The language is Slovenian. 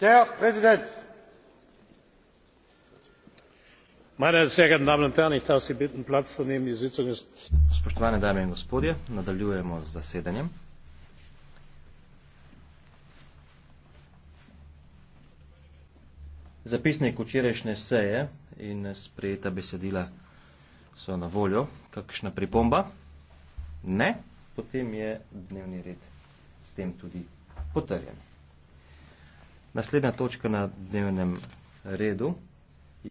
herr präsident meine sehr geehrten damen und herren! ich darf sie bitten platz zu nehmen die sitzung ist. spoštovane dame in gospodje nadaljujemo z zasedanjem. zapisnik včerajšnje seje in sprejeta besedila so na voljo kakšna pripomba ne potem je dnevni red s tem tudi potrjen. Naslednja točka na dnevnem redu.